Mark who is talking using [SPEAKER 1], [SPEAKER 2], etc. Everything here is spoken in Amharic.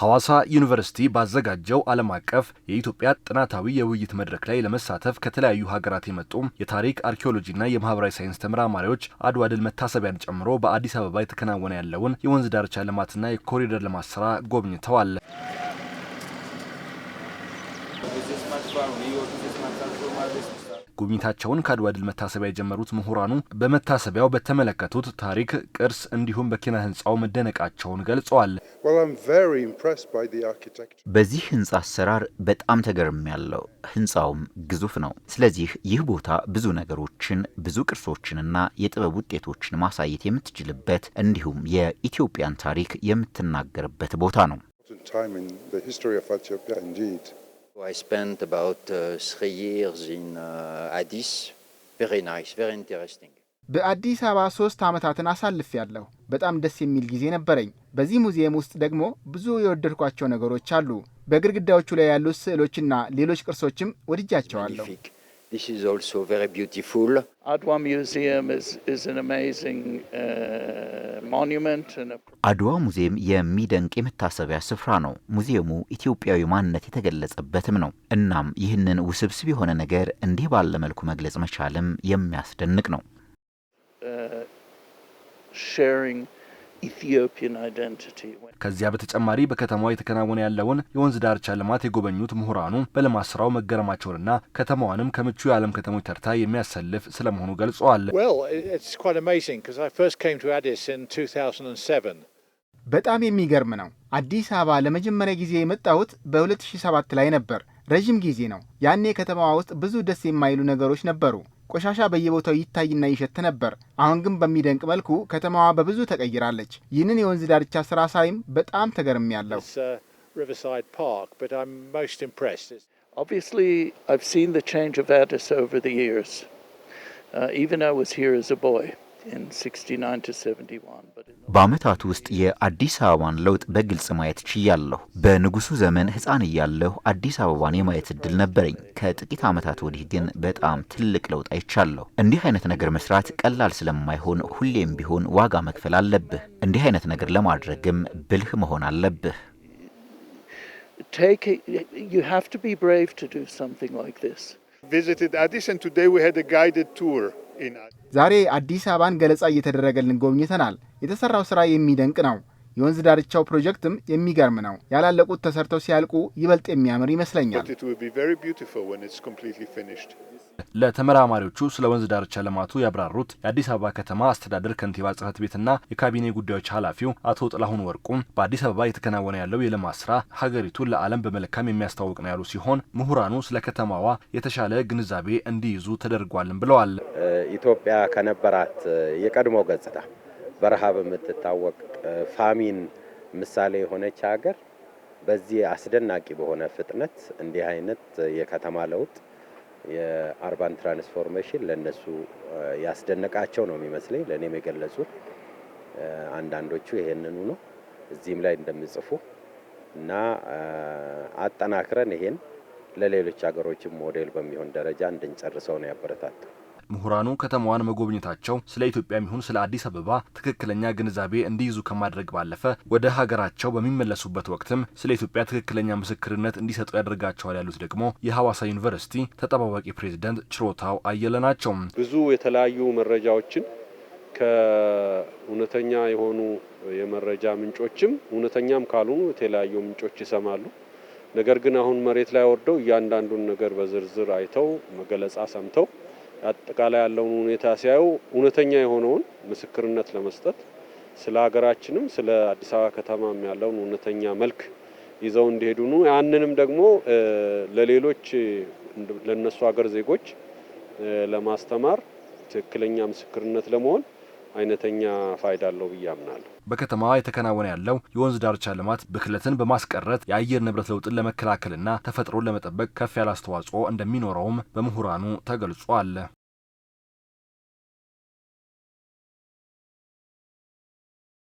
[SPEAKER 1] ሐዋሳ ዩኒቨርሲቲ ባዘጋጀው ዓለም አቀፍ የኢትዮጵያ ጥናታዊ የውይይት መድረክ ላይ ለመሳተፍ ከተለያዩ ሀገራት የመጡ የታሪክ አርኪኦሎጂና የማህበራዊ ሳይንስ ተመራማሪዎች አድዋ ድል መታሰቢያን ጨምሮ በአዲስ አበባ የተከናወነ ያለውን የወንዝ ዳርቻ ልማትና የኮሪደር ልማት ስራ ጎብኝተዋል። ጉብኝታቸውን ከአድዋ ድል መታሰቢያ የጀመሩት ምሁራኑ በመታሰቢያው በተመለከቱት ታሪክ፣ ቅርስ እንዲሁም በኪነ ህንፃው መደነቃቸውን ገልጸዋል። በዚህ ህንፃ አሰራር በጣም ተገርም ያለው ህንፃውም ግዙፍ ነው። ስለዚህ ይህ ቦታ ብዙ ነገሮችን ብዙ ቅርሶችንና የጥበብ ውጤቶችን ማሳየት የምትችልበት እንዲሁም የኢትዮጵያን ታሪክ የምትናገርበት ቦታ ነው።
[SPEAKER 2] በአዲስ
[SPEAKER 1] አበባ ሶስት ዓመታትን ያለሁ በጣም ደስ የሚል ጊዜ ነበረኝ። በዚህ ሙዚየም ውስጥ ደግሞ ብዙ የወደድኳቸው ነገሮች አሉ። በግድግዳዎቹ ላይ ያሉት ስዕሎችና ሌሎች ቅርሶችም ወድጃቸዋለሁ።
[SPEAKER 2] This is also very beautiful.
[SPEAKER 3] Adwa Museum is, is an amazing, uh, monument a...
[SPEAKER 1] አድዋ ሙዚየም የሚደንቅ የመታሰቢያ ስፍራ ነው። ሙዚየሙ ኢትዮጵያዊ ማንነት የተገለጸበትም ነው። እናም ይህንን ውስብስብ የሆነ ነገር እንዲህ ባለ መልኩ መግለጽ መቻልም የሚያስደንቅ ነው። uh, ከዚያ በተጨማሪ በከተማዋ የተከናወነ ያለውን የወንዝ ዳርቻ ልማት የጎበኙት ምሁራኑ በልማት ስራው መገረማቸውንና ከተማዋንም ከምቹ የዓለም ከተሞች ተርታ የሚያሰልፍ ስለመሆኑ ገልጸዋል። በጣም የሚገርም ነው። አዲስ አበባ ለመጀመሪያ ጊዜ የመጣሁት በ2007 ላይ ነበር። ረዥም ጊዜ ነው። ያኔ ከተማዋ ውስጥ ብዙ ደስ የማይሉ ነገሮች ነበሩ። ቆሻሻ በየቦታው ይታይና ይሸት ነበር። አሁን ግን በሚደንቅ መልኩ ከተማዋ በብዙ ተቀይራለች። ይህንን የወንዝ ዳርቻ ስራ ሳይም በጣም ተገርም ያለው
[SPEAKER 3] ሪቨርሳይድ ፓርክ
[SPEAKER 1] በዓመታት ውስጥ የአዲስ አበባን ለውጥ በግልጽ ማየት ችያለሁ። በንጉሱ ዘመን ሕፃን እያለሁ አዲስ አበባን የማየት እድል ነበረኝ። ከጥቂት ዓመታት ወዲህ ግን በጣም ትልቅ ለውጥ አይቻለሁ። እንዲህ አይነት ነገር መስራት ቀላል ስለማይሆን ሁሌም ቢሆን ዋጋ መክፈል አለብህ። እንዲህ አይነት ነገር ለማድረግም ብልህ መሆን አለብህ። ዛሬ አዲስ አበባን ገለጻ እየተደረገልን ጎብኝተናል። የተሰራው ስራ የሚደንቅ ነው። የወንዝ ዳርቻው ፕሮጀክትም የሚገርም ነው። ያላለቁት ተሰርተው ሲያልቁ ይበልጥ የሚያምር ይመስለኛል። ለተመራማሪዎቹ ስለ ወንዝ ዳርቻ ልማቱ ያብራሩት የአዲስ አበባ ከተማ አስተዳደር ከንቲባ ጽህፈት ቤትና የካቢኔ ጉዳዮች ኃላፊው አቶ ጥላሁን ወርቁም በአዲስ አበባ የተከናወነ ያለው የልማት ስራ ሀገሪቱን ለዓለም በመልካም የሚያስተዋውቅ ነው ያሉ ሲሆን ምሁራኑ ስለ ከተማዋ የተሻለ ግንዛቤ እንዲይዙ ተደርጓልም ብለዋል።
[SPEAKER 4] ኢትዮጵያ ከነበራት የቀድሞ ገጽታ በረሃብ የምትታወቅ ፋሚን ምሳሌ የሆነች ሀገር በዚህ አስደናቂ በሆነ ፍጥነት እንዲህ አይነት የከተማ ለውጥ የአርባን ትራንስፎርሜሽን ለእነሱ ያስደነቃቸው ነው የሚመስለኝ። ለእኔም የገለጹት አንዳንዶቹ ይሄንኑ ነው እዚህም ላይ እንደሚጽፉ እና አጠናክረን ይሄን ለሌሎች ሀገሮችም ሞዴል በሚሆን ደረጃ እንድንጨርሰው ነው ያበረታታው።
[SPEAKER 1] ምሁራኑ ከተማዋን መጎብኘታቸው ስለ ኢትዮጵያም ይሁን ስለ አዲስ አበባ ትክክለኛ ግንዛቤ እንዲይዙ ከማድረግ ባለፈ ወደ ሀገራቸው በሚመለሱበት ወቅትም ስለ ኢትዮጵያ ትክክለኛ ምስክርነት እንዲሰጡ ያደርጋቸዋል ያሉት ደግሞ የሐዋሳ ዩኒቨርሲቲ ተጠባባቂ ፕሬዚደንት ችሮታው አየለ ናቸው።
[SPEAKER 5] ብዙ የተለያዩ መረጃዎችን ከእውነተኛ የሆኑ የመረጃ ምንጮችም እውነተኛም ካልሆኑ የተለያዩ ምንጮች ይሰማሉ። ነገር ግን አሁን መሬት ላይ ወርደው እያንዳንዱን ነገር በዝርዝር አይተው መገለጻ ሰምተው አጠቃላይ ያለውን ሁኔታ ሲያዩ እውነተኛ የሆነውን ምስክርነት ለመስጠት ስለ ሀገራችንም ስለ አዲስ አበባ ከተማም ያለውን እውነተኛ መልክ ይዘው እንዲሄዱ ነው። ያንንም ደግሞ ለሌሎች ለነሱ ሀገር ዜጎች ለማስተማር ትክክለኛ ምስክርነት ለመሆን አይነተኛ ፋይዳ አለው ብዬ አምናለሁ።
[SPEAKER 1] በከተማዋ የተከናወነ ያለው የወንዝ ዳርቻ ልማት ብክለትን በማስቀረት የአየር ንብረት ለውጥን ለመከላከልና ተፈጥሮን ለመጠበቅ ከፍ ያለ አስተዋጽኦ እንደሚኖረውም በምሁራኑ ተገልጿል።